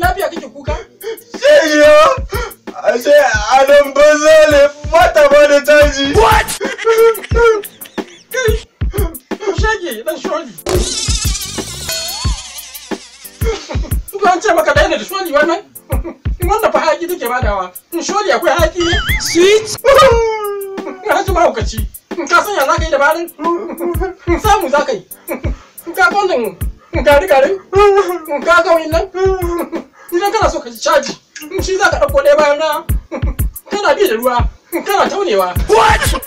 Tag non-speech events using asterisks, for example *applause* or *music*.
lafiya kake kuka? Shege! Ashe adam banza ne mata ba da caji. What? Shege dan shoni. Kuka an ce maka daina da shoni wannan? Wanda fa haƙi take badawa. Shoni akwai haƙi ne? Sweet! Haji mahaukaci. Ka san ya za ka yi dabarin? Samu za ka yi. Ka kondin gari-garin? Ka ga nan? idan kana so ka ji caji shi za ka ɗauko ɗaya bayan ɗaya *laughs* kana bi da ruwa kana taunewa what